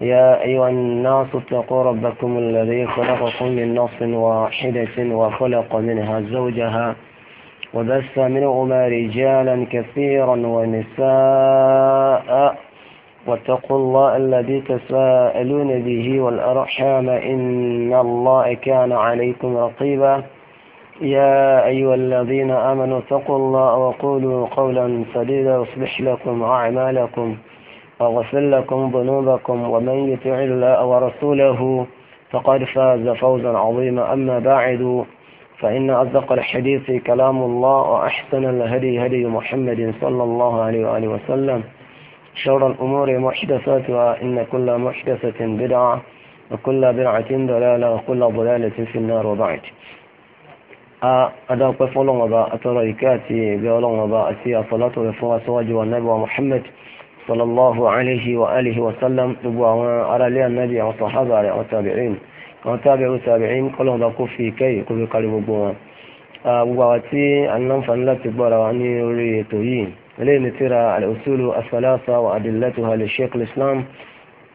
يا أيها الناس اتقوا ربكم الذي خلقكم من نص واحدة وخلق منها زوجها وبث منهما رجالا كثيرا ونساء واتقوا الله الذي تساءلون به والأرحام إن الله كان عليكم رقيبا يا أيها الذين آمنوا اتقوا الله وقولوا قولا سديدا يصلح لكم أعمالكم وغفر لكم ذنوبكم ومن يطع الله ورسوله فقد فاز فوزا عظيما أما بعد فإن أصدق الحديث كلام الله وأحسن الهدي هدي محمد صلى الله عليه وآله وسلم شر الأمور محدثاتها إن كل محدثة بدعة وكل بدعة ضلالة وكل ضلالة في النار وبعد أدعوك قف الله وبا أترى إكاتي بأولون وبا أتي أصلاة سواج والنبي محمد sallallahu alayhi wa alihi wa sallam gbogbo àwọn aráalé ànábì àwọn sàhábà rẹ̀ àwọn tàbíìn àwọn tàbíìn tàbíìn kọ́lọ́mọba kó fi kẹ́yì kó fi kárí gbogbo wọn. gbogbo àwọn tí a ń láǹfààní láti gbọ́ra wa ní orí ètò yìí eléyìí ni tíra al-usulu wa adillatuha li sheikh islam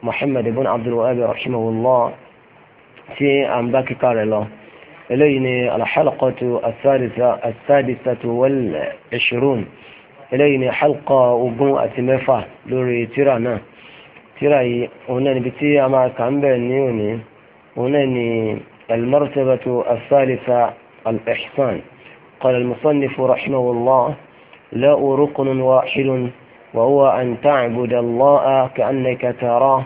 muhammad ibn abdul rahimahullah tí a ń bá kíkà rẹ̀ lọ. eléyìí ni al-halaqatu as-sadisatu wal eléyìí ni halqa ogún àti mẹ́fà lórí tíra náà tíra yìí òun náà níbi tí a máa kà ń bẹ̀ ní òní òun náà ni al-martabatu as-salisa al-ihsan qala al-musannifu rahimahullah lahu ruknun wahidun وهو أن تعبد الله كأنك تراه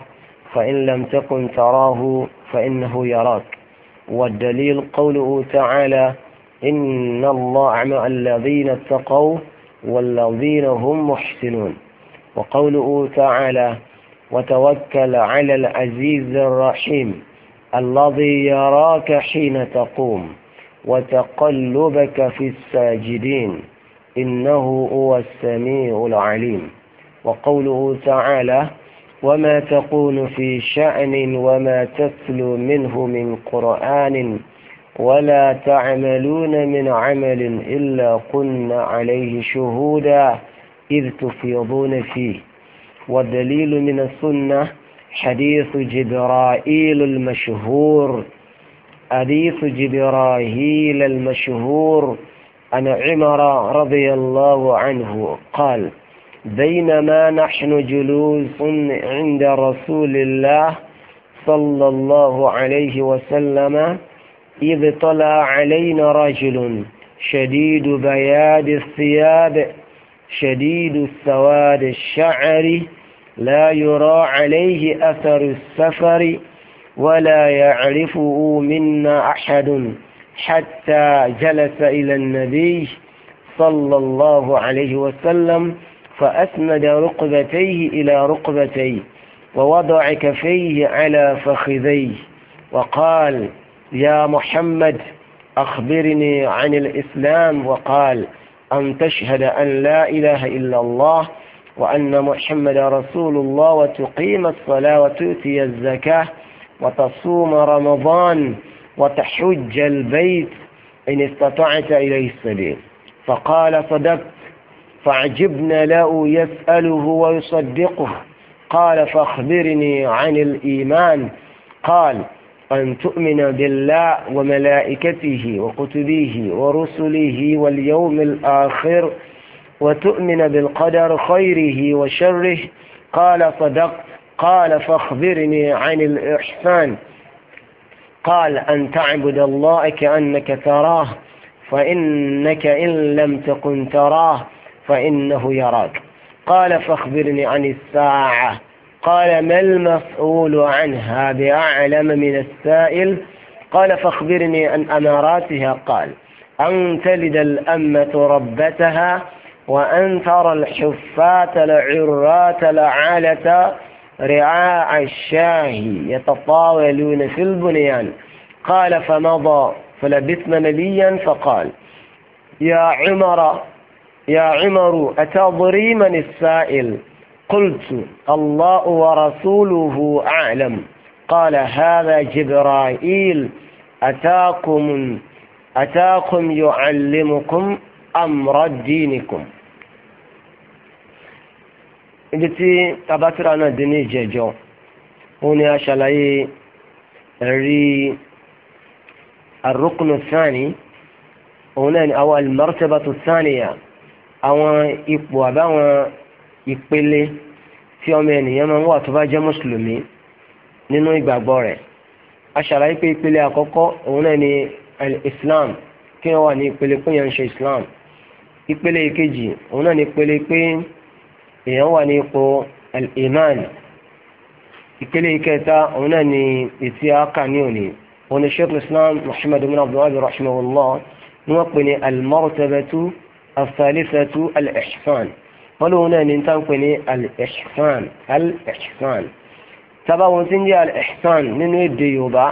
فإن لم تكن تراه فإنه يراك والدليل قوله تعالى إن الله مع الذين اتقوا والذين هم محسنون وقوله تعالى وتوكل على العزيز الرحيم الذي يراك حين تقوم وتقلبك في الساجدين إنه هو السميع العليم وقوله تعالى وما تقول في شأن وما تتلو منه من قرآن ولا تعملون من عمل إلا قلنا عليه شهودا إذ تفيضون فيه والدليل من السنة حديث جبرائيل المشهور حديث جبرائيل المشهور أن عمر رضي الله عنه قال بينما نحن جلوس عند رسول الله صلى الله عليه وسلم إذ طلع علينا رجل شديد بياد الثياب شديد السواد الشعر لا يرى عليه أثر السفر ولا يعرفه منا أحد حتى جلس إلى النبي صلى الله عليه وسلم فأسند رقبتيه إلى رقبتيه ووضع كفيه على فخذيه وقال يا محمد أخبرني عن الإسلام وقال أن تشهد أن لا إله إلا الله وأن محمد رسول الله وتقيم الصلاة وتؤتي الزكاة وتصوم رمضان وتحج البيت إن استطعت إليه السبيل فقال صدقت فعجبنا له يسأله ويصدقه قال فاخبرني عن الإيمان قال أن تؤمن بالله وملائكته وكتبه ورسله واليوم الآخر وتؤمن بالقدر خيره وشره قال صدق قال فاخبرني عن الإحسان قال أن تعبد الله كأنك تراه فإنك إن لم تكن تراه فإنه يراك قال فاخبرني عن الساعة قال ما المسؤول عنها بأعلم من السائل قال فاخبرني عن أماراتها قال أن تلد الأمة ربتها وأن ترى الحفاة العرات لعالة رعاء الشاه يتطاولون في البنيان قال فمضى فلبثنا نبيا فقال يا عمر يا عمر أتضري من السائل قلت الله ورسوله أعلم قال هذا جبرائيل أتاكم أتاكم يعلمكم أمر دينكم ìdítí tabatira náà dín ní ìjẹjọ òun ni a ṣàlàyé ẹ̀rí arúkùnù sáàni òun náà ni àwọn alìmọ́rọ́tẹ́bàtò sáàni àwọn ipò àbáwọn ìpele tí ọmọ ènìyàn máa ń wà tó bá jẹ́ mùsùlùmí nínú ìgbàgbọ́ rẹ̀ aṣàlàyé pé ìpele àkọ́kọ́ òun náà ni islam kí wọ́n wà ní ìpele pé èèyàn ń ṣe islam ìpele ìkejì òun náà ni ìpele pé èèyàn wà ní ipò al-iman ìpele ìkẹta òun náà ni ètí aka ní òní òun ni sheikh islam muhammad ibn abdullahi rahimahullah ni wọ́n pè ní al-martabatu al al wọ́n lóun náà ní táǹpẹ̀ ní al-ihsan al-ihsan tábà wọn ti ń jẹ́ al-ihsan nínú èdè yorùbá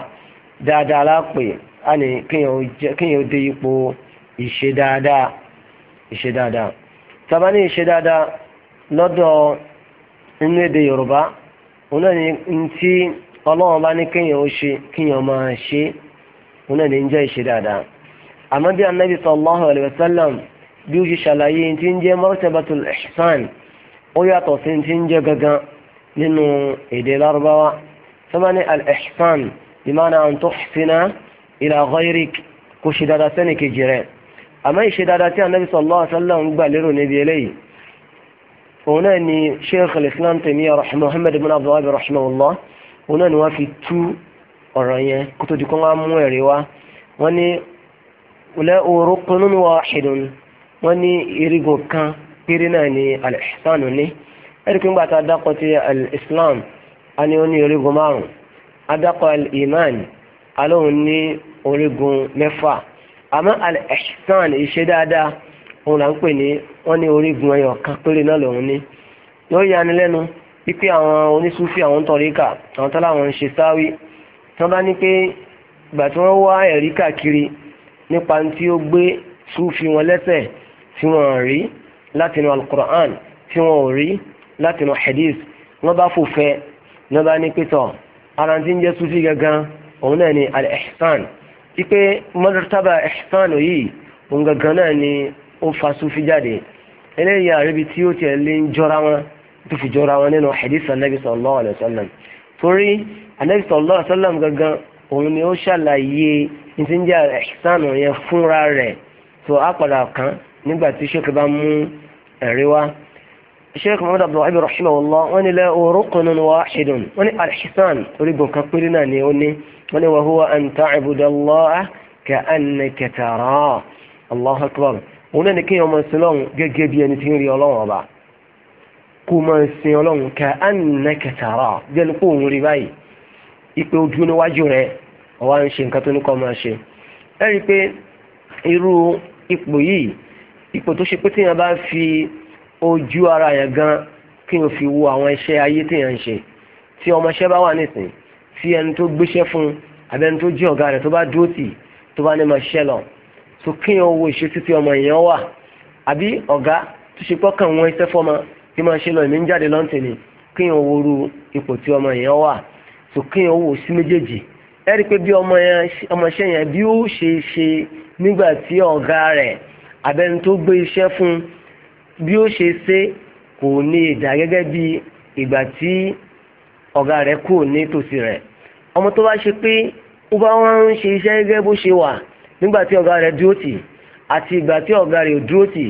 dáadáa lápè á ní kéèyàn ó dé ipò ìṣe dáadáa ìṣe ní ìṣe dáadáa lọ́dọ̀ nínú èdè yorùbá òun náà ní tí ọlọ́run bá ní kéèyàn ṣe kéèyàn máa ṣe òun náà ní ń jẹ́ ìṣe dáadáa àmọ́ bí anabi sallallahu alayhi wa bí ó ṣe ṣàlàyé tí ń jẹ́ martabatul ihsan ó yàtọ̀ sí tí ń jẹ́ gangan nínú èdè lárúbáwá sọ́mọ́ni al-ihsan ìmáàna an tuhsina ila ghayrik kò ṣe dáadáa sẹ́ni kejì rẹ̀ àmọ́ ìṣe dáadáa tí anabi sallallahu alaihi ń gbà lérò níbi eléyìí òun náà ni sheikh al-islam Taymiyya muhammad ibn abdul wahhab rahimahullah òun náà ni wọ́n fi tú ọ̀rọ̀ yẹn kó di kó wọ́n mú ẹ̀rí wá wọ́n ní lahu rukunun wahidun wọ́n ní irigun kan péré náà ní al-ihsan ní ẹ̀ríkì ńgbà tá ti al-islam a ní oní irigun márùn a dákọ̀ al-iman alóhùn ní orígun mẹ́fà àmọ́ al-ihsan ìṣe dáadáa òun là ń pè ní wọ́n ní orígun ẹyọ kan péré náà lòun ní yóò yani lẹ́nu wípé àwọn onísúfì àwọn tọ̀ríkà àwọn tó láwọn ṣe sáwí tí bá ní pé ìgbà tí wá ẹ̀rí káàkiri nípa tí ó gbé súfì wọn lẹ́sẹ̀ tí wọ́n rí látinú alukur'an tí wọ́n ò rí látinú hadith wọ́n bá fòfẹ́ wọ́n bá ní pétọ́ ara ti ń jẹ́ sufi gangan òun náà ni al-ihsan ipe mọ́tàbà ihsan yìí òun gangan náà ni ó fa sufi jáde eléyìí àríbi tí ó tiẹ̀ lé ń jọra wọn tó fi jọra wọn nínú hadith anabi sallallahu alayhi wa sallam torí anabi sallallahu alayhi gangan òun ni ó ṣàlàyé ní ti ń jẹ́ ihsan yẹn fúnra rẹ̀ tó a padà kàn nígbà tí sheikh bá mú ẹ̀rí wá sheikh muhammad abdullahi bin rahim allah wọ́n ní la uruqun wahidun wọ́n ní alhisan orígun kan péré náà ni ó ní wọ́n ní wa huwa an ta'buda allaha ka'annaka tarahu allahu akbar òun náà ni kí ọmọ sin lọ́hùn gẹ́gẹ́ bí ẹni tí ń rí ọlọ́run ọba kó máa sin ọlọ́run ka'annaka tarahu bí ẹni kó òun rí báyìí ìpè ojú níwájú rẹ ọwọ́ à ń ṣe nǹkan tó ní kọ́ máa ṣe ẹ rí i pé irú ipò yìí ipò tó ṣe pé téèyàn bá fi ojú ara yẹn gan kí n fi wo àwọn iṣẹ́ ayé téèyàn ń ṣe tí ọmọọṣẹ́ bá wà nísìn tí ẹni tó gbéṣẹ́ fún un àbí ẹni tó jẹ́ ọ̀gá rẹ̀ tó bá dúró tì tó bá ní máa ṣẹ́ lọ tó kíyàn owó ìṣesí tí ọmọ èèyàn wà àbí ọ̀gá tó ṣe pọ́ kàn wọ́n iṣẹ́ fọ́mọ tí máa ṣe lọ ìmí ń jáde lọ́ǹtì ni kíyàn ru ipò tí ọmọ èèyàn wà tó kíyàn owó sí méjèèjì ẹ rí i pé bí ọmọọṣẹ́ yẹn bí ó ṣe ṣe nígbà tí ọ̀gá rẹ̀ abẹ́ni tó gbé iṣẹ́ fún bí ó ṣe ṣe kò ní ìdá gẹ́gẹ́ bí ìgbà tí ọ̀gá rẹ̀ kù ní tòsí rẹ̀ ọmọ tó bá ṣe pé ó bá wọn ń ṣe iṣẹ́ gẹ́gẹ́ bó ṣe wà nígbà tí ọ̀gá rẹ̀ dúró tì àti ìgbà tí ọ̀gá rẹ̀ dúró tì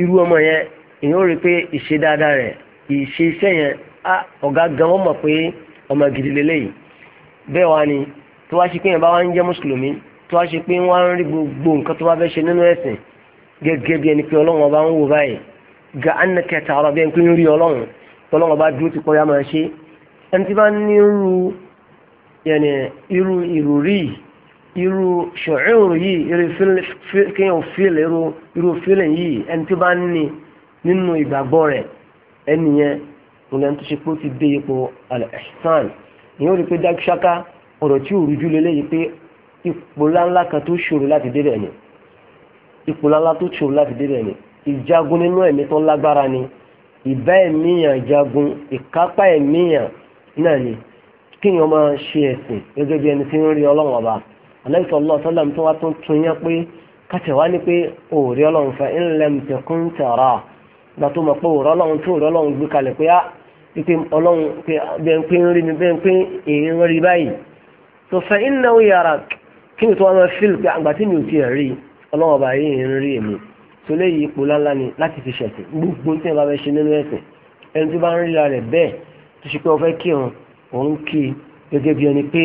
irú ọmọ yẹn rí i pé ìṣe dáadáa rẹ̀ ìṣe iṣẹ́ yẹn ọ̀gá gan wọ́n mọ̀ pé ọmọ gidi lélẹ́yìí bẹ́ẹ̀ wá ni tó ṣe pé yẹn gbogbo nǹkan tó fẹ́ ṣe nínú ẹ̀sìn gẹ́gẹ́ bí ẹni pé ọlọ́run ọba ń wò báyìí ga anna kẹta ọ̀rọ̀ bí ẹni pé ń rí ọlọ́run ọlọ́run ọba dúró ti kọ́ya máa ṣe ẹni tí bá ní irú yẹnì irú ìròrí irú ṣòwòrò yìí irú kéèyàn fílẹ̀ irú fílẹ̀ yìí ẹni tí bá ní nínú ìgbàgbọ́ rẹ̀ ẹni yẹn òun lẹ́nu tó ṣe pé ó ti dé ipò al-ihsan ìyẹn ò rí pé dákúṣáká ọ̀rọ̀ tí òrùjú lélẹ́yìí pé ipò láńlá kan tó ṣòro láti débẹ̀ yẹn ipò lálá tó ṣòro láti débẹ̀ ni ìjagun nínú ẹ̀mí tó lágbára ni ìbá ẹ̀míyàn jagun ìkápá ẹ̀míyàn náà ni kíyàn máa ṣe ẹ̀sìn gẹ́gẹ́ bí ẹni tí ń rí ọlọ́run ọba Ànábì sallallahu alaihi wasallam tó wá tún tún yán pé kàtẹ́wá ní pé òòrí ọlọ́run fa in lam takun tara gbà tó mọ̀ pé òòrọ̀ ọlọ́run tó òòrọ̀ ọlọ́run gbé kalẹ̀ pé á ah, pé ọlọ́run pé bẹ́ẹ̀ pé ń rí mi bẹ́ẹ̀ pé èyí ń rí báyìí tó fa innahu yarak kí ni tó wá máa fíl pé àgbà ah, mi ò tiẹ̀ rí i ọlọ́wọ́n bá yìí ń rí èmi tó léyìí ipò láńlá ni láti fi ṣẹ̀sìn gbogbo tí ẹ bá fẹ́ ṣe nínú ẹ̀sìn ẹni tó bá ń ríra rẹ̀ bẹ́ẹ̀ tó ṣe pé ó fẹ́ kí òun òun kí gẹ́gẹ́ bí ẹni pé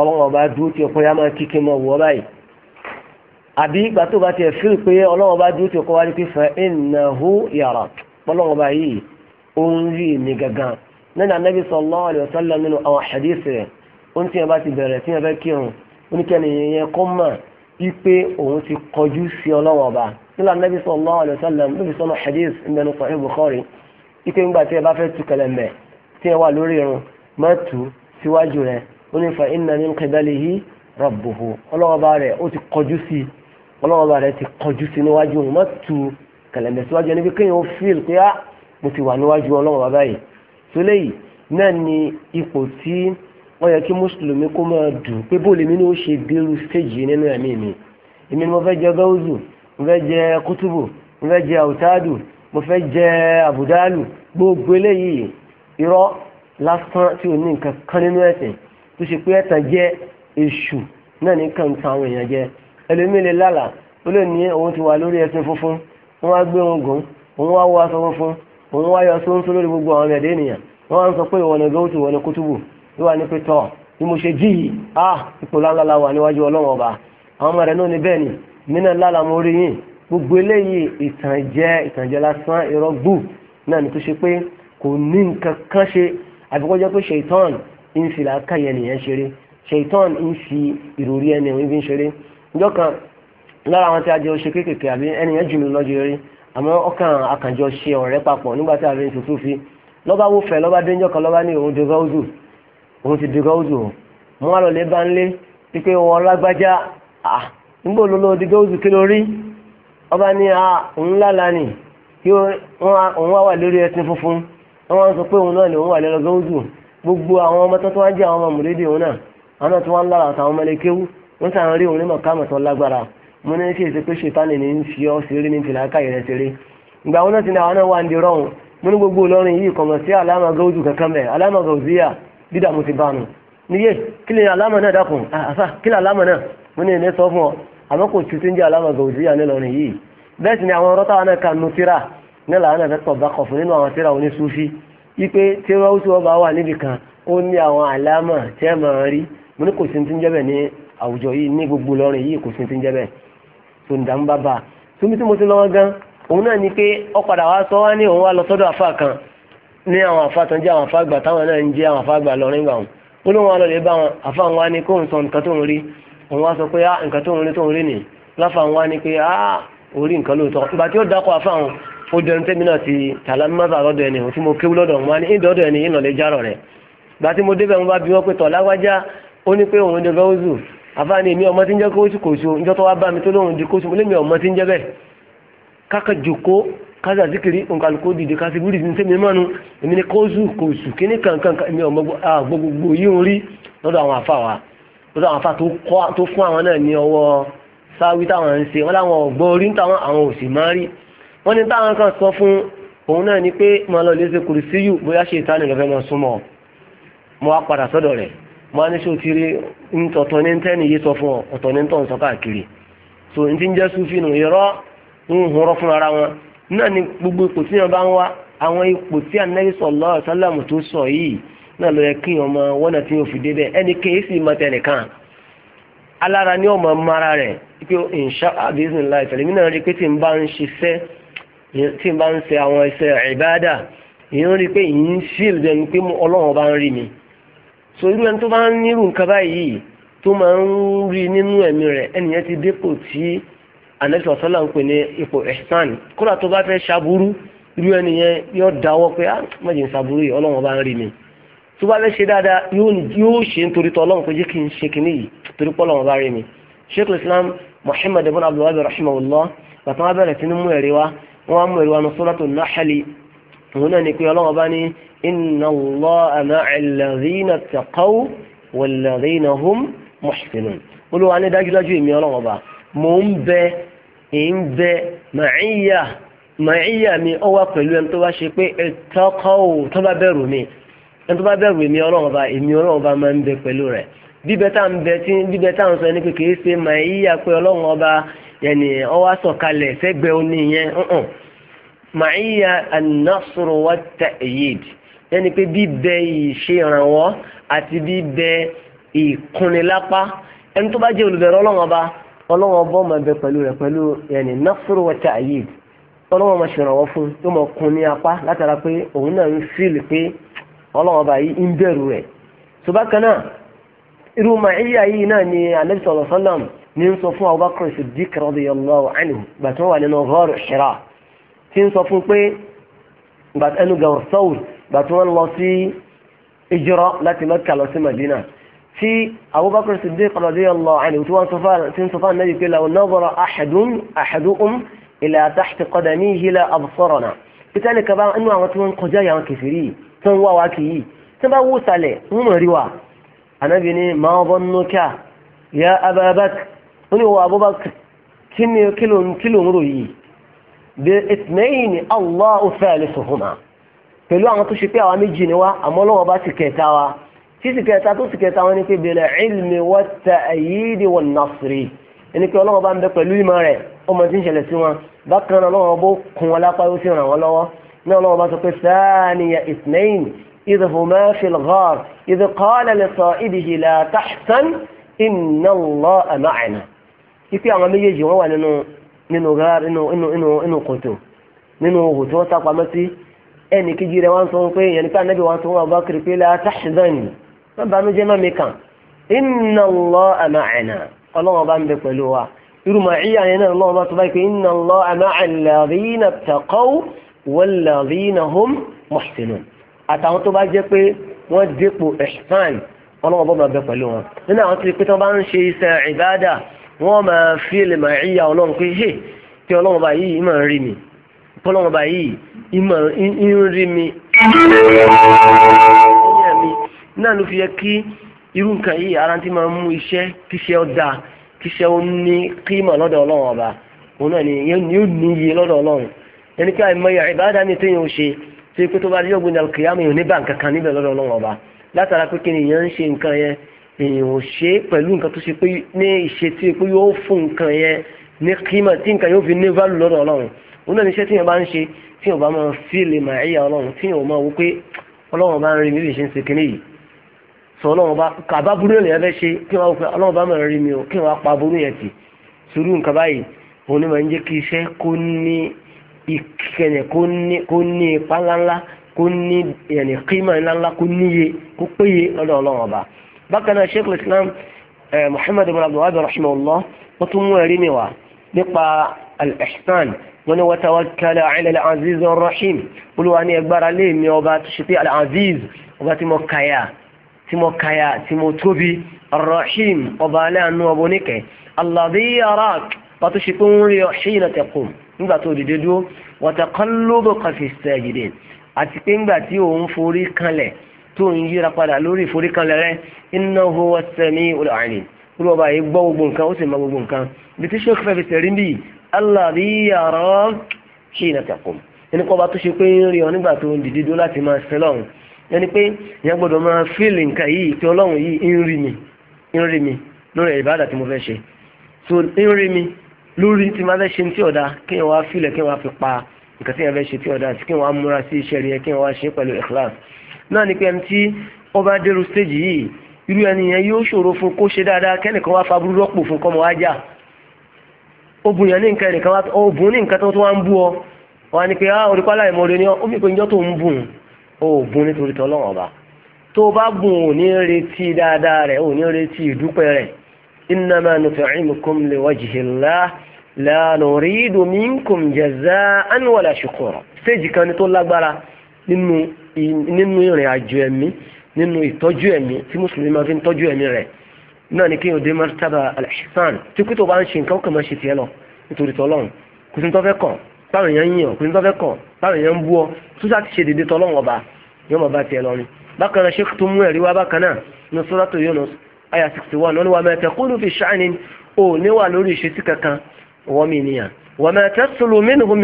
ọlọ́wọ́n bá dúró tí ọkọ yá máa kí kí n mọ̀ wọ́ báyìí àbí ìgbà tó bá tiẹ̀ fíl pé ọlọ́wọ́n bá dúró tí ọkọ wá ní pé fa innahu yàrá ọlọ́wọ́n bá yìí ó ní tí wípé òun ti kọjú sí ọlọ́wọ́ ọba nílà nàbí sallallahu alaihi wasallam níbi sọ́nà hadith ìmẹ́nu sahih Bukhari wípé ńgbà tí ẹ bá fẹ́ tu kẹlẹ̀mbẹ̀ tí ẹ wà lórí irun má tu síwájú rẹ ó ní fa inna min qibalihi rabbuhu ọlọ́wọ́ ọba rẹ ó ti kọjú sí ọlọ́wọ́ ọba rẹ ti kọjú sí níwájú òun má tu kẹlẹ̀mbẹ̀ síwájú ẹni bí kéèyàn wọ́n yẹ kí mùsùlùmí kó máa dùn pé bóòlù mi ni ó ṣe dérú stéèjì nínú ẹ̀mí mi èmi ni mo fẹ́ jẹ gáúzù mo fẹ́ jẹ kútùbù mo fẹ́ jẹ àwùtáàdù mo fẹ́ jẹ àbùdálù gbogbo eléyìí irọ́ lásán tí ò ní nǹkan kan nínú ẹ̀sìn tó ṣe pé ẹ̀tàn jẹ́ èṣù náà ní kàn tán àwọn èèyàn jẹ ẹlòmíì lè lálà ó lè ní òun ti wà lórí ẹṣin funfun wọn wá gbé wọn gùn òun wá wọ aṣọ funfun òun wá yọ sóńsó lórí gbogbo àwọn ẹ̀dẹ́ ènìyàn wọn wá sọ pé ìwọ ni gáúzù ìwọ ni kútùbù iwa wá ní pé tọ́ bí mo ṣe díì á ah, ipò lánlá wà ọba àwọn ọmọ rẹ̀ náà bẹ́ẹ̀ ni nínú mo rí gbogbo eléyìí ìtànjẹ itanje lásán irọ́ gbù náà tó ṣe pé kò ní nǹkan kan ṣe àfikọ́jọ́ pé ṣèitán ń fi làákàyè ènìyàn ṣeré ṣèitán ń fi ìròrí ẹni ń ṣeré kan lára àwọn tí a jọ ṣe kéékèèké àbí ẹnìyàn jù kan òun ti di gáúsù mo wá lọ lé bá ń lé pípé wọn lágbájá à nígbà olólo di gáúsù kí ló rí ọba ní a òun lálá nì kí òun wá wà lórí funfun wọn sọ pé òun náà ni òun wà lẹ́rọ gáúsù gbogbo àwọn ọmọ tó tó wá jẹ́ àwọn ọmọ mùrídìí òun náà àwọn náà tó lára àtàwọn ọmọ ẹlẹ́kẹ́wù wọ́n sàn rí òun ní lágbára mo ní pé ṣètánì ní fi ọ́ dídàmú ti bánu níyẹ kí lè alámọ̀ náà dákun ah, àfà kí lè alámọ̀ náà mo ní ẹ̀mí sọ fún ọ àmọ́ kò tún ti ń jẹ́ alámọ̀ gòdìyà nílọrin yìí bẹ́ẹ̀ sì ni àwọn ọ̀rọ̀ táwọn náà ka nu tíra nílà àwọn ẹ̀fẹ́ tọ̀ bá kọ̀ fún nínú àwọn tíra oníṣúfí ipe tí wọ́n tí wọ́n bá wà níbi kan ó ní àwọn alámọ̀ tí ẹ̀ máa rí mo ní kò sí ti ń jẹ́ bẹ́ẹ̀ ní àwùjọ yìí ní gbogbo lọ́rin yìí kò sí ti ń jẹ́ bẹ́ẹ̀ tó ń dàmú bàbà tómi tí ni pé ọ padà wá ní àwọn àfàtàn jẹ́ àwọn àfàgbà táwọn náà ń jẹ́ àwọn àfàgbà lọ́rin gbà wọn ó ló wọn lọ lè bá wọn àfa wọn ni kóun sọ nǹkan tó ń rí òun wá sọ pé á ah, nǹkan tó ń rí tó ń rí nì láfa wọn ni pé á ah, orí nǹkan lóòótọ́ ìgbà tí ó dákọ̀ àfa wọn ó dẹnu tẹ́mi náà ti tàlà mọ́tà lọ́dọ̀ ẹni tí mo kéwú lọ́dọ̀ wọn ni ìdọ́dọ̀ ẹni ìnàlẹ́ járọ̀ rẹ̀ ìgbà tí mo débẹ̀ wọn bá bí wọn pé tọ̀ lágbájá ó ní pé òun dẹ kaka joko káza zikiri nkàlùkò dìde kási wíìlì ní sẹ́mi mánu èmi ni kóòsù kóòsù kíní kankan èmi ọmọ gbogbo ah, yìí ń rí lọ́dọ̀ àwọn afa wa lọ́dọ̀ àwọn afa tó fún àwọn náà ní ọwọ́ sáwí táwọn ń ṣe wọ́n láwọn ọ̀gbọ́ orí ń táwọn àwọn òsì máa rí wọ́n ní táwọn kan sọ fún òun náà ni pé mo lọ lè ṣe kùrù sí yù bóyá ṣe ìtàn ìlọ́fẹ́ máa súnmọ́ mo wá padà sọ́dọ̀ rẹ̀ mo wá ní ṣó ti rí ń tọ̀tọ̀ ní tẹ́ni yé sọ fún ọ̀tọ̀ ní tọ̀ ń so n ti ń jẹ́ ń hurọ́ fún ara wọn náà ni gbogbo ipò tí wọn bá ń wá àwọn ipò tí anabi sọlọ sálàmù tó sọ yìí náà ló yẹ kí ọmọ wọn náà ti yóò fi dé ẹni kéé sì mọ tẹnìkan alára ni ọmọ mara rẹ pé insha abisimilayi tẹlifí náà rí pé tí n bá ń ṣiṣẹ́ tí n bá ń ṣe àwọn iṣẹ́ ìbáàdà èèyàn rí pé yìí ń fíìl bẹni pé ọlọ́run bá ń rí mi so irú ẹni tó bá ń nírú nǹkan báyìí tó máa ń rí nínú ẹ̀mí rẹ̀ ẹnìyẹn ti dépò tí anabi sọ̀sọ́là ń pè ní ipò ihsan kódà tó bá fẹ́ ṣaburú irú ẹni yẹn yóò dáwọ́ pé ah, á mọ̀jẹ̀ ń ṣaburú yìí ọlọ́run bá ń rí mi tó bá fẹ́ ṣe dáadáa yóò ṣe nítorí tọ́ ọlọ́run kò jẹ́ kí n ṣe kínní yìí torí pọ́ ọlọ́run bá rí mi sheikh islam muhammad ibn abdulwahab rahimahullah bàtà wọn bẹ̀rẹ̀ sí ní mú ẹ̀rí wa wọn mú ẹ̀rí wa ní suratu nahali òun náà ni pé ọlọ́run bá ní inna allaha ma'a alladhina taqaw walladhina hum muhsinun olúwa ní dájúdájú èmi ọlọ́run ọba mò ń bẹ ń bẹ màáyà màáyà mi ọ pẹ̀lú ẹni tó bá ṣe pé ẹ̀tọ́kọ́ tó bá bẹ̀rù mi ẹni tó bá bẹ̀rù èmi ọlọ́run ọba èmi ọlọ́run ọba máa ń bẹ pẹ̀lú rẹ̀ bíbẹ tá ń bẹ tí tá ń sọ ẹni pé kìí ṣe màáyà pé ọlọ́run ọba ọlọ́wọ́n bọ́ máa bẹ pẹ̀lú rẹ̀ pẹ̀lú yẹnì nafuru wa ta'yid ọlọ́wọ́n máa ṣèrànwọ́ fún tó máa kun ní apá látara pé òun náà ń fíìlì pé ọlọ́wọ́n bá yìí ń bẹ̀rù rẹ̀ ṣùgbọ́n kan náà irú màáyà yìí náà ni anabi sallallahu alaihi wasallam ní ń sọ fún abubakar siddiq radiyallahu anhu gbàtí wọ́n wà nínú ghar hira tí ń sọ fún pé gbàtí ẹnu gàwọ́sọ́wù gbàtí wọ́n lọ sí ìjírọ́ láti Mẹ́kà lọ sí Madina في أبو بكر الصديق رضي الله عنه وتوان صفان تين صفان النبي قال لو نظر أحد أحدكم إلى تحت قدميه لا أبصرنا بتالك بقى أنه وتوان قجايا كثيري تنوا واكي تبا وصل هم روا أنا بني ما ظنك يا أبا بكر هو أبو بكر كم كل كيلو مروي باثنين الله ثالثهما pẹ̀lú àwọn tó ṣe pé àwa méjì ni wá àmọ́ sísì kẹta tó sì kẹta wọn ni pé bẹ̀rẹ̀ ilmi wa ta'yid wa nasri ẹni pé ọlọ́wọ́ bá ń bẹ pẹ̀lú ìmọ̀ rẹ̀ ó mọ̀ tí ń ṣẹlẹ̀ sí wọn bákan náà ọlọ́wọ́ bó kun wọn lápá ó sì ràn wọ́n lọ́wọ́ ní ọlọ́wọ́ bá sọ pé sáàníyà ithnain idh huma fil ghar idh qala li sahibihi la tahzan inna Allaha ma'ana ipe àwọn méjèèjì wọ́n wà nínú nínú kòtò nínú òhù tí sápamọ́ sí ẹnì kejì rẹ̀ wọ́n sọ pé ìyẹn nípa anábì wọn sọ wọn bá kiri pé la tahzan sábàánújẹ́ má mi kàn inna Allaha ma'ana ọlọ́wọ́n bá ń bẹ pẹ̀lú wa irú màáyà yẹn náà lọ́wọ́ bá tó báyìí pé inna Allaha ma'a alladhina taqaw walladhina hum muhsinun àtàwọn tó bá jẹ́ pé wọ́n dépò ihsan ọlọ́wọ́n bá máa bẹ pẹ̀lú wọn nínú àwọn tó ti pé tó bá ń ṣe iṣẹ́ ìbáàdà wọ́n máa fi lè màáyà ọlọ́run pé hey tí ọlọ́run bá yìí máa rí mi ọlọ́run bá yìí ń náà ló fi yẹ kí irú nǹkan yìí ara ti máa mú iṣẹ́ kíṣẹ́ ó dáa kíṣẹ́ ó ní kíma lọ́dọ̀ ọlọ́run ọba òun náà ni yóò ní iye lọ́dọ̀ ọlọ́run ẹni pé àìmọye ìbáradà mi téèyàn ó ṣe tí pé tó bá yóò gbé nàlùkì yá ní bá nǹkan kan níbẹ̀ lọ́dọ̀ ọlọ́run ọba látara pé kí ni èèyàn ń ṣe nǹkan yẹn èèyàn ò ṣe pẹ̀lú nǹkan tó ṣe pé ní ìṣe tí pé yóò fún nǹkan yẹn ní kíma tí nǹkan yóò fi ní válù lọ́dọ̀ ọlọ́run òun náà ni iṣẹ́ tí yẹn bá ń ṣe tí yẹn bá máa fíìlì màáyà ọlọ́run tí yẹn ò máa wò pé ọlọ́run bá ń rí mi bí ṣe ń ṣe kinní yìí sọ ọlọ́run bá kàbá burú ènìyàn fẹ́ ṣe kí wọ́n fẹ́ ọlọ́run bá mẹ́rin rí mi o kí wọ́n pa burú yẹn tì sùúrù nǹkan báyìí òun ni màá ń jẹ́ kí iṣẹ́ kó ní ìkẹyìn kó ní ipa ńláńlá kó ní yẹnì kíma ńláńlá kó níye kó péye lọ́dọ̀ ọlọ́run ọba. bákan náà sheikh islam muhammad ibn abdul wahab rahimahullah wọ́n tún wọ́n ní wa tawakkala ala al-aziz olúwa ní ẹgbára lé mi ọba tó ṣe pé al ọba tí mo kàyà tí mo kaya tí mo tóbi rahim ọba aláàánú ọba oníkẹ́ alladhi yarak pàtó ṣe pé ń rí ọ hina taqum nígbà tó dìde dúró wa taqallubaka fi sajidin àti pé ńgbà tí òun forí kanlẹ̀ tó ń yíra padà lórí ìforí kanlẹ̀ rẹ̀ innahu was-sami'ul 'alim olùwà bá yìí gbọ́ gbogbo nǹkan ó sì mọ gbogbo nǹkan bí tí sèkú fi sẹ̀rí bí alladhi yarak hina taqum ẹni kọ́ tó ṣe pé ń ọ nígbà tó dìde dúró láti máa sẹ́lọ̀n yẹn ni pé ìyẹn gbọ́dọ̀ máa fíìlì nǹkan yìí tí ọlọ́run yìí ń rí mi ń rí mi lórí ìbádà tí mo fẹ́ ṣe so ń rí mi lórí tí máa fẹ́ ṣe tí ọ̀dà kí wọ́n á fílẹ̀ kí wọ́n á fi pa nǹkan tí wọ́n fẹ́ ṣe tí ọ̀dà àti kí wọ́n á múra sí iṣẹ́ rẹ̀ kí wọ́n á ṣe pẹ̀lú ikhlas náà ni pé ẹni tí ó bá dérú stage yìí irú ẹni yẹn yóò ṣòro fún kó ṣe dáadáa kẹ́nìkan wá faburú rọ́pò fún kọ́mọ wájà obìnrin ní nǹkan ẹnìkan wá obìnrin ní nǹkan tó wá ń bú ọ wọn ni pé ah orí pálá ìmọ̀ ni ó fi pé njọ́ tó ń bù ó bùn nítorí tọ́lọ́wọ́n ọba tó o bá bùn ò ní retí dáadáa rẹ̀ ò ní retí ìdúpẹ́ rẹ̀ innama nut'imukum liwajhillah la nuridu minkum jaza'an wala shukura. stéèjì kan ní tó lágbára nínú ìrìn àjò ẹ̀mí nínú ìtọ́jú ẹ̀mí tí mùsùlùmí máa fi ń tọ́jú ẹ̀mí rẹ̀ náà ni kéèyàn dé martaba al tí kútó bá ń ṣe nǹkan kàn máa ṣe tiẹ̀ lọ nítorí tọ́lọ́run kùsùn tó fẹ́ kàn táwọn èèyàn ń yàn kò ní tọ́fẹ́ kọ̀ táwọn èèyàn ń bú ọ sójà ti ṣe dédé tọ́lọ́wọ́n ọba yóò máa bá tiẹ̀ lọ ni bákan náà ṣéèkì tó mú ẹ̀rí wá bákan náà ní suratu Yunus àyà sixty one wọn ni wàá mẹ́tẹ̀ kó ló fi ṣáàní o níwà lórí ìṣesí kankan wọ́n mi nìyà wọ́n mẹ́tẹ̀ sọ̀rọ̀ mẹ́nuhu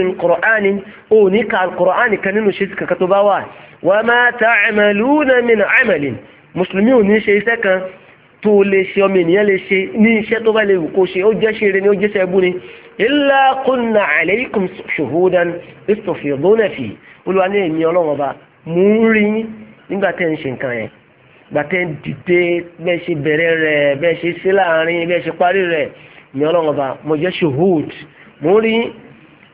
min ò ní ṣe kan tó lè ṣe ọmọ ènìyàn lè ṣe ní iṣẹ́ tó bá lè wù kó ṣe ó jẹ́ ṣe rere ni ó jẹ́ ṣe ẹbú ni illa kunna alaykum shuhudan istafiduna fi olúwa ní èmi ọlọ́run ọba mò ń rí nígbà tẹ́ ń ṣe nǹkan yẹn gbà tẹ́ ń dìde bẹ́ẹ̀ ṣe bẹ̀rẹ̀ rẹ̀ bẹ́ẹ̀ ṣe sí láàrin bẹ́ẹ̀ ṣe parí rẹ̀ ní ọlọ́run ọba mo jẹ́ shuhud mò ń rí yín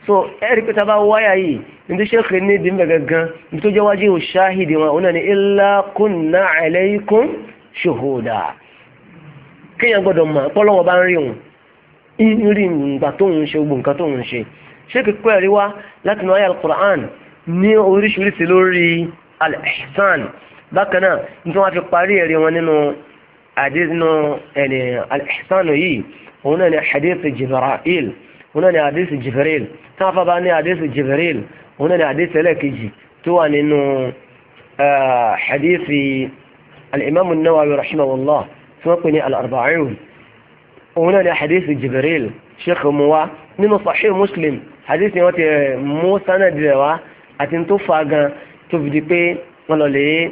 so ẹ̀rí pé tábà wáyà yìí nítorí ṣéèkì ní ìdí mbẹ̀ gangan nítorí jẹ́ wájú ìṣáhìdì wọn òun náà ní illa kunna alaykum shuhuda kéèyàn gbọ́dọ̀ mọ̀ pọ́lọ́wọ́ bá ń rí òun ń rí ìgbà tó ń ṣe gbogbo nǹkan tó ń ṣe ṣé kíkọ́ ẹ̀rí wá láti nu ayé alukur'an ní oríṣiríṣi lórí al-ihsan bákan náà nítorí wọn fi parí ẹ̀rí wọn nínú àdéhùn nínú ẹ̀ní al yìí òun náà ni hadith jibril òun náà ni hadith jibril táwọn afábá ní hadith jibril òun náà ni hadith ẹlẹ́kejì tó wà nínú eh, hadith al-imam an-nawawi rahimahullah tí wọ́n pè ní al-arba'un òun náà ni hadith jibril sheikh muwa nínú sahih muslim hadith yẹn wọ́n ti eh, mú sanad rẹ̀ wá àti tó fa gan tó fi di pé wọ́n lọ lè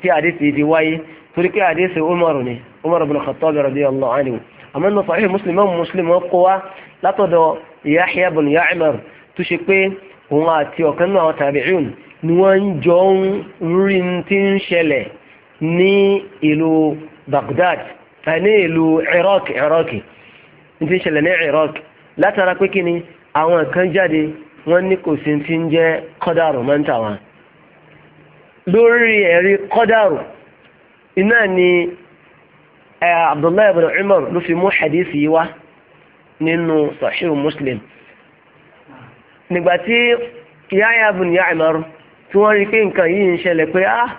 tí hadith yìí ti wáyé torí pé hadith umar ni umar bin khattab radiyallahu anhu àmọ́ nínú sahih muslim mọ́ muslim wọ́n kó wa látọ̀dọ̀ yahya bin ya'mar tó ṣe pé òun àti ọ̀kan nínú àwọn tabi'un ni wọ́n ń jọ ń rí ti ń ṣẹlẹ̀ ní ìlú Baghdad ní ìlú Iraq Iraq ní ti ṣẹlẹ̀ ní Iraq látara pé kí ni àwọn kan jáde wọ́n ní kò sí ti ń jẹ́ lórí ẹ̀rí kọ́dàrú iná ni Abdullahi abdullahi Umar ló fi mú hadith yìí wá nínú Muslim nígbà tí Yahya ibn Ya'mar tí wọ́n rí pé nǹkan yìí ń ṣẹlẹ̀ pé ah,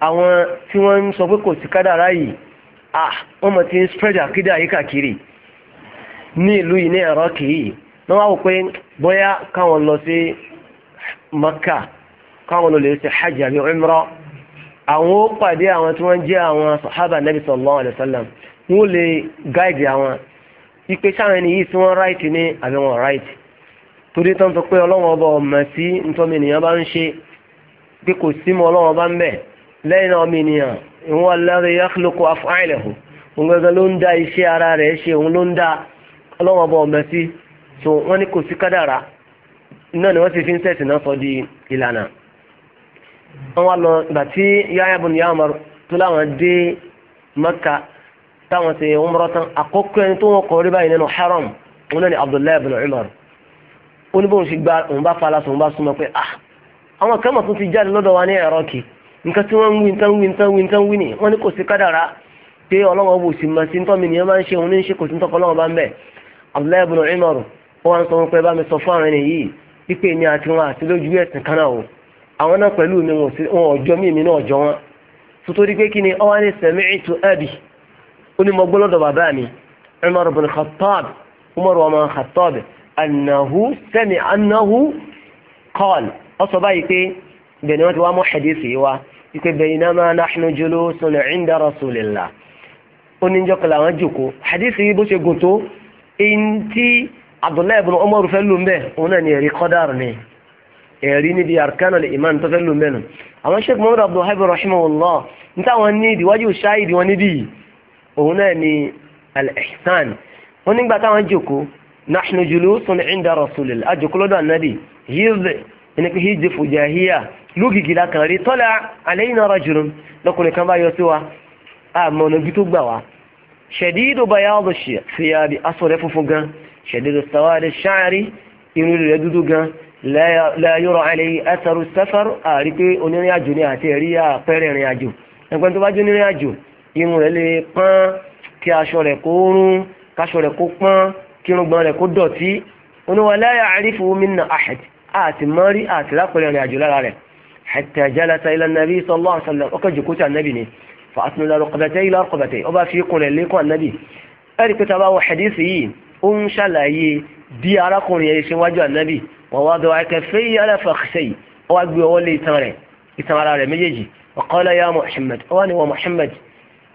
àwọn tí wọ́n ń sọ pé kò ah wọ́n mọ̀ ti ń spread àkídà yìí káàkiri ní ìlú yìí ní ẹ̀rọ kìí wọ́n wá lọ sí maka káwọn lè ṣe hajj àbí umra àwọn ó pàdé àwọn tí wọ́n jẹ́ àwọn sahaba nabi sallallahu alayhi wa sallam wọ́n lè gáìdì àwọn ipe sáwọn ẹni yìí tí wọ́n ráìtì ní àbí wọ́n ráìtì torí tó ń sọ pé ọlọ́wọ́n ọba sí huwa alladhi yakhluqu af'alahu òun gẹ́gẹ́ ló ń dá iṣẹ́ ara rẹ̀ ṣe òun ló ń dá ọlọ́wọ́n ọba ọ̀mẹ́ sí so wọ́n ní kò sí kádàrá náà ni wọ́n ti fi ń sẹ̀sìn náà sọ di ìlànà wọ́n wá lọ ìgbà tí Yahya ibn Ya'mar tó láwọn dé Mẹ́kà táwọn ṣe umrah tán àkọ́kọ́ ẹni tó wọ́n kọ́ rí báyìí nínú haram òun náà ni Abdullahi ibn Umar ó ní bóun ṣe gba òun bá falasọ òun bá súnmọ́ pé ah àwọn kan mọ̀ tó ti jáde lọ́dọ̀ wa ní Iraki nǹkan tí wọ́n ń wí tán wí tán wí tán wí ni wọ́n ní kò sí kádàrá pé ọlọ́wọ́ bò sí ma sí tọ́mi nìyẹn máa ń ṣe òun ní ṣe kò sí tọ́kọ ọlọ́wọ́ bá ń bẹ̀ Abdullahi ibn Umar ó wá ń sọ wọn pé bá mi sọ fún àwọn ẹni yìí pípé ni àti wọn àti lójú ẹ̀sìn kan náà o àwọn náà pẹ̀lú mi wọn ọjọ́ mi mi náà ọjọ́ wọn tutori pé kí ni ọwọ́ ní sami'tu abi ó ní mo gbọ́ lọ́dọ̀ bàbá mi Umar ibn Khattab Umar ọmọ Khattab annahu sami'a annahu qala ọ sọ báyìí pé bẹ̀rẹ̀ wọn ti wá mọ́ hadisi wa ike baynama nahnu julusun inda rasulillah oníjọkọlá àwọn jòkó hadith yìí bó ṣe gùn tó èyí tí abdullahi ibn umar fẹ́ lù mbẹ́ òun náà ni ẹ̀rí kọ́dàrú ni ẹ̀rí níbi arkanul iman tó fẹ́ lù mbẹ́ nù àwọn sheikh muhammad abdullahi ibn rahimahullah n táwọn ní ìdíwájú ṣáìdì wọn níbí òun náà ni al-ihsan wọn nígbà táwọn jòkó nahnu julusun inda rasulillah àjòkó lọ́dọ̀ ànábì hizb ẹni pé hizb fujahiya lógìgì la kàn rí tọ́lá alayna rajulun lọ́kùnrin kan bá yọ sí wa àmọ́ ọ̀nà ibi tó gbà wá shadidu bayadu thiyabi aṣọ rẹ̀ funfun gan shadidu sawadi sha'ri irun rẹ̀ dúdú gan la yura alayhi atharu safar àrí pé onírìn àjò ni àti ẹ̀rí àpẹẹrẹ ìrìn àjò ẹgbẹ́ tó bá jẹ́ onírìn àjò irun rẹ̀ lè pọ́n kí aṣọ rẹ̀ kó rún káṣọ rẹ̀ kó pọ́n kí irùngbọ̀n rẹ̀ kó dọ̀tí oníwàlẹ́ àrífowómi náà àhẹ̀d àti mọ́rí àti lápẹ̀rẹ̀ ìrìn àjò lára rẹ̀ حتى جلس إلى النبي صلى الله عليه وسلم وكجي كوتا النبي فأسند رقبتي إلى رقبتي أبا في قول لكم النبي أريك تباو حديثي إن شاء الله bí arákùnrin yẹn ṣe wájú ànábì wọn wá dọwọ akẹfẹ yìí aláfàṣẹ yìí wọn wá gbé ọwọ́ lé itan rẹ̀ itan ara rẹ̀ méjèèjì ọkọọlá ya muhammed ọwọ ni wọn muhammed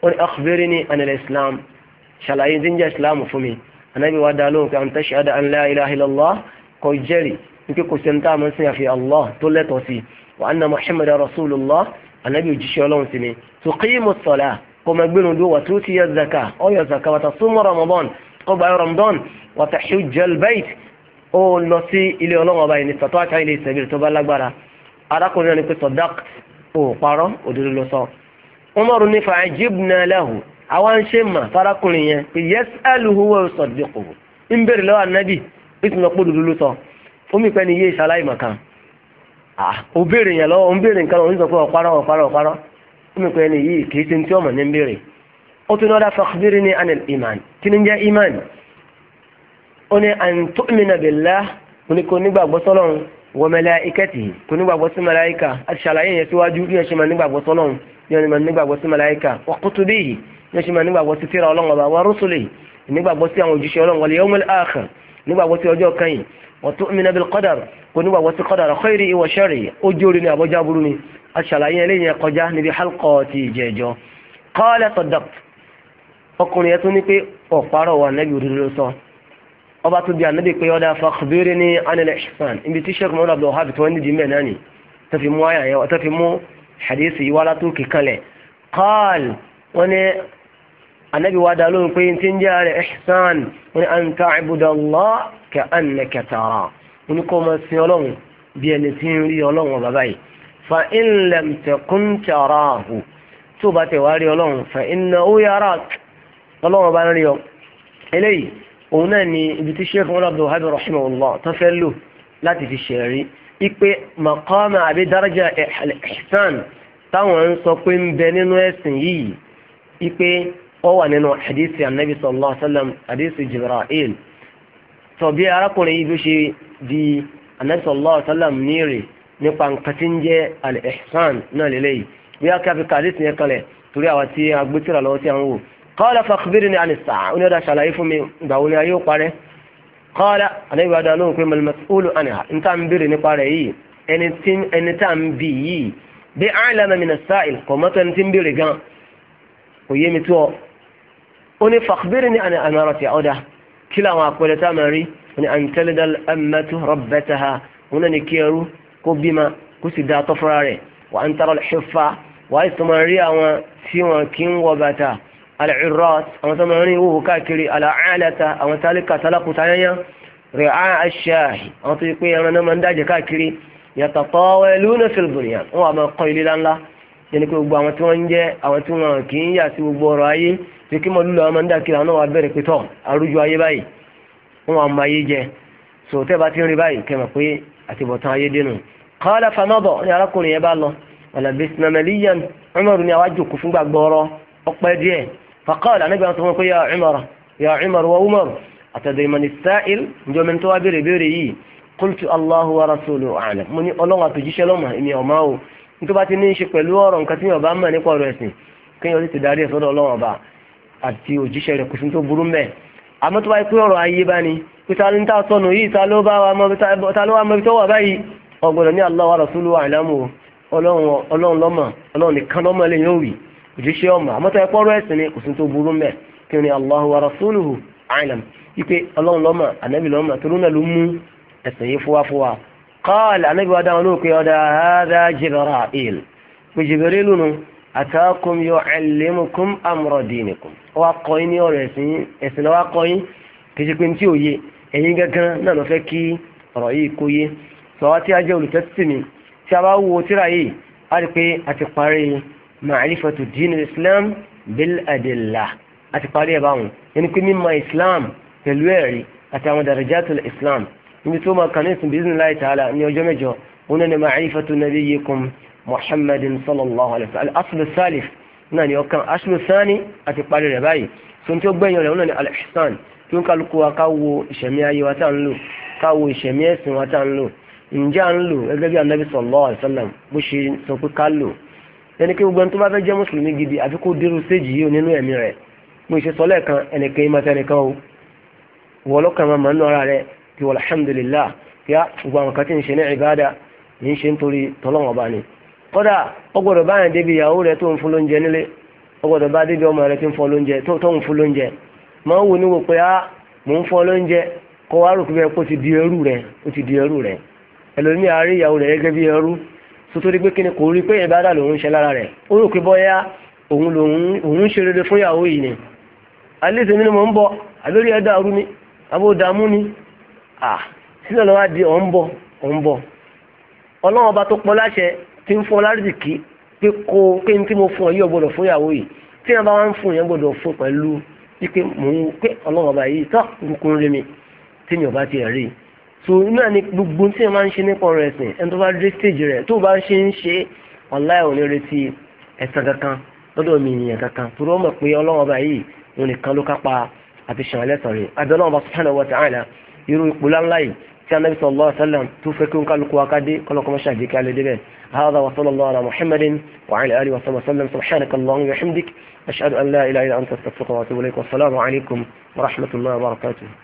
ó ní akhbiri ní anilẹ islam ṣàlàyé díjẹ islam fún mi ànábì wa dá lóhùn pé àwọn an la ilaha illallah kò jẹ́rìí nípa kò sẹńtà àmọ́ sí àfi allah tó lẹ́tọ̀ọ́ sí i wa anna muhammad rasulullah anabi òjíṣẹ́ ọlọ́run sí ni tuqimu salah kó máa gbénu dúró wa tuti ya zaka ọyọ zaka wa tasumu ramadan kó gba ramadan wa tahujjal bayt ó lọ sí ilé ọlọ́run ọba yìí ní sọ̀tọ́ àti ilé ìsẹ̀bìrì tó bá lágbára arákùnrin náà ni pé sọ̀dák ò parọ́ òdodo ló sọ. umaru ní fa'ajibna lahu àwa ń ṣe mà fárákùnrin yẹn pé yas'aluhu wa yusaddiquhu ń bèrè lọ́wọ́ ànábì ó sì lọ pé òdodo ló sọ fún mi pẹ́ ni yé ìṣàlàyé màkàn ó ah, béèrè yẹn lọ́wọ́ ó ń béèrè nǹkan lọ́wọ́ ń sọ pé ọ̀parọ́ ọ̀parọ́ ọ̀parọ́ ó mi pẹ́ ni yìí kìí ṣe tí ọmọ ní ń béèrè ó tún lọ́dà fàkbírí ní anil iman kí ni jẹ́ iman ó ní an tu'mina billah ó ní kò nígbàgbọ́ sọ́lọ́run wa malaikatihi kò nígbàgbọ́ sí màláìkà àti yẹn síwájú bí wọ́n ṣe máa nígbàgbọ́ sọ́lọ́run bí wọ́n nígbàgbọ́ sí màláìkà wa kutubihi bí wọ́n ṣe máa nígbàgbọ́ sí tírà Ọlọ́run Ọba wa rusulihi nígbàgbọ́ sí àwọn òjíṣẹ́ Ọlọ́run wal yawmil akhir nígbàgbọ́ sí ọjọ́ kan yìí wa tu'mina bil qadar kò nígbà wọ́n ti kọ́dà khairi ìwọ̀ sharri ojú orí ni àbọ̀já burú ni aṣàlàyé eléyìí yẹn kọjá níbi halqa ti ìjẹ́jọ́ qala sadaq ọkùnrin yẹn tún ní pé ọ̀párọ̀ wà nẹ́bí òdodo sọ ọba tó di ànábì pé ọ̀dà fakhbirni ní anil ihsan ibi tí sheikh muhammad abdul wahab tí wọ́n nídìí mẹ́ẹ̀ náà ni tó fi mú àyà tó fi mú hadith yìí wá kíkanlẹ̀ qala wọ́n ní anabi wa da lóhùn pé ti ń jẹ́ ihsan wọ́n ní an ta'budallaha ka'annaka tarahu oníkọ́ máa sin ọlọ́run bí ẹni tí ń rí ọlọ́run bàbá yìí fa in lam takun tarahu tó bá tẹ̀ wá rí ọlọ́run fa innahu yarak ọlọ́run bá ń rí ọ eléyìí òun náà ni ibi tí sheikh wọn abdul hajj rahimahullah tó fẹ́ lò láti fi ṣẹ̀rí ipe maqama àbí daraja ihsan táwọn ń sọ pé ń bẹ nínú ẹ̀sìn yìí ipe ó wà nínú hadisi anabi sallallahu alayhi wa sallam hadisi jibril tọ̀bí arákùnrin yìí bí ṣe di Ànábì sallallahu alaihi wasallam níìrì nípa nǹkan tí ń jẹ́ al-ihsan náà lélẹ́yìí bóyá kí a fi kàdé tìyẹn kalẹ̀ torí àwa tí a gbé tìrà lọ́wọ́ tí a ń wò qala fakhbirni ani sa'a ó ní ọ̀dà ṣàlàyé fún mi ìgbà wo ni a yóò parẹ́ qala Ànábì wa dáná òun pé mal mas'ulu anha n tá n nípa rẹ̀ yìí ẹni tá n bì yìí bí a'lama min as-sa'il kò mọ́tò ẹni tí ń béèrè gan kò yé mi tó ọ ó ní fakhbirni ani amarati ọ̀dà kí làwọn àpẹẹrẹ tá a máa rí ní àǹtẹ́lẹ́dà amẹ́tú rọ́bẹ́tàhà wọn náà ní kí ẹrú kó bímọ kó sì dá tọ́ fúnra rẹ̀ wà á ń tọrọ ṣẹ́fà wà á tọ́ máa rí àwọn tí wọn kì ń wọ bàtà alẹ́rọ́t àwọn tó máa rí ìwòwò káàkiri alàálẹ́ta àwọn tálíkà tálákùtà yányá rẹ̀ á aṣáàhì àwọn tó yẹ pé ẹran náà máa ń dájẹ́ káàkiri yàtọ̀ tọ́wọ́ lónà fìlbùnìyà wọn àmọ́ kọ́ ilé lánlá yẹni pé gbogbo àwọn tí wọ́n ń jẹ́ àwọn tí wọn kì í yà sí gbogbo ọ̀rọ̀ ayé tí kí mọ́lúlọ́ máa ń dá náà wà bẹ̀rẹ̀ pé tọ́ àrùjọ ayé báyìí wọn máa ma yé jẹ so tẹ bá ti ń rí báyìí kẹmọ pé àtibọ̀tán ayé dénú. kọ́lá famabọ̀ ni arákùnrin yẹn bá lọ ọ̀nà bisimilaliyan Umaru ni àwa jòkó fúngbà gbọ́rọ́ ọpẹ́ díẹ̀ fakọ́lá níbi àwọn tó wọn pé ya Umar ya Umar wa Umar àtàdémọ́ni sáìl njọ́ mi tó wá béèrè béèrè yìí qultu Allahu wa rasuluhu a'lam mo ní ọlọ́run àtòjíṣẹ́ lọ́mọ èmi ọ̀ma o nítorí bá ti ní í ṣe pẹ̀lú ọ̀rọ̀ nǹkan tí yọ̀ọ̀bá mọ̀ nípa ọ̀rọ̀ ẹ̀sìn kéèyàn ti darí ẹ̀ sọ́dọ̀ ọlọ́run ọba àti òjíṣẹ́ rẹ̀ kò sí tó burú mẹ́ẹ̀ àmọ́ tó bá yẹ pé ọ̀rọ̀ ayé bá ni pé ta ló ń tà sọnù yìí ta ló bá wa mọ ta ló wà mọ ibi tó wà báyìí ọgbọ̀dọ̀ ní Allah wa rasulu àìlámù ọlọ́run lọ́mọ ọlọ́run nìkan lọ́mọ lè yóò wì òjíṣẹ́ ọmọ àmọ́ tó yẹ pé ọ̀rọ̀ ẹ̀sìn ni kò sí tó burú mẹ́ àtàkùn yọ ẹlẹ́mùkùn amúrọ̀dínìkùn ó wá kọ́ yín ní ọ̀rọ̀ ẹ̀sìn ẹ̀sìn náà wá kọ́ yín kì í ṣe pé ní tí ò yé ẹ̀yin gángan náà ló fẹ́ kí ọ̀rọ̀ yìí kó yé sọ̀wá tí a jẹ́ olùtẹ́sí tí a bá wo tíra yìí a rí pé a ti parí màálífàtú dínú islam bil adillah a ti parí ẹ̀ báwọn ẹni pé mímọ̀ islam pẹ̀lú ẹ̀rí àti àwọn darajatul islam níbi tó máa kàn محمد صلى الله عليه sallam aslu salif náà ni ọkàn aslu sani àti parí rẹ̀ báyìí tó ń tó gbẹ̀yìn rẹ̀ wọn náà ni al-ihsan tó ń kálukú wa ká wo ìṣẹ̀mí ayé wa tá ń lò ká wo ìṣẹ̀mí ẹ̀sìn wa tá ń lò ǹjẹ́ à ń lò gẹ́gẹ́ bí anabi sallallahu alayhi wa sallam bó ṣe sọ pé ká lò ẹni kí gbogbo ẹni tó bá fẹ́ jẹ́ mùsùlùmí gidi àfi kó dérú séjì yìí nínú ẹ̀mí rẹ̀ mo ṣe sọ lẹ́ẹ̀kan ẹnìkan ìmọ̀ tẹnìkan o wọ́n lọ́kàn máa máa ń nọ́ra rẹ̀ kí wọ́n alhamdulillah kí á gbogbo àwọn kan tí ń ṣe ní ìbáda ní ń ṣe nítorí tọ́lọ́wọ́n ọba ni kódà ó báyìí débi ìyàwó rẹ̀ tó ń fún lóúnjẹ nílé ó bá débi ọmọ rẹ̀ tó ń fún lóúnjẹ tó ń fún lóúnjẹ máa ń wò níwò pé á ah, mò ń fún lóúnjẹ kó wá rò pé kó ti di ẹrú rẹ ó ti di ẹrú rẹ ẹlòmíì sotori pé kíni kò rí pé ìbádà ṣe lára ó rò pé bọ́yá òun ṣe rere fún ìyàwó yìí ni ni mò ń ọba tí ń fún ọlárìkì pé kó pé tí mo fún ọ yìí ọgbọ́dọ̀ fún ìyàwó yìí tí wọn bá wá ń fún yẹn gbọ́dọ̀ fún pẹ̀lú pípé mò ń pé Ọlọ́run ọba yìí tó kúkún rí mi tí mi ò bá ti rí so náà ni gbogbo tí wọn máa ń ṣe nípa ọ̀rọ̀ ẹ̀sìn ẹni tó bá dé stage rẹ tó bá ń ṣe ń ṣe ọlá ẹ ò ní retí ẹ̀san kankan lọ́dọ̀ mi ènìyàn kankan torí wọn mọ pé Ọlọ́run ọba yìí òun nìkan ló kápá àti ṣàn ẹlẹsàn rẹ àbẹ Ọlọ́run ọba ká dé kọlọkọmọṣà هذا وصلى الله على محمد وعلى آله وصحبه وسلم سبحانك اللهم وبحمدك أشهد أن لا إله إلا أنت استغفرك وأتوب إليك والسلام عليكم ورحمة الله وبركاته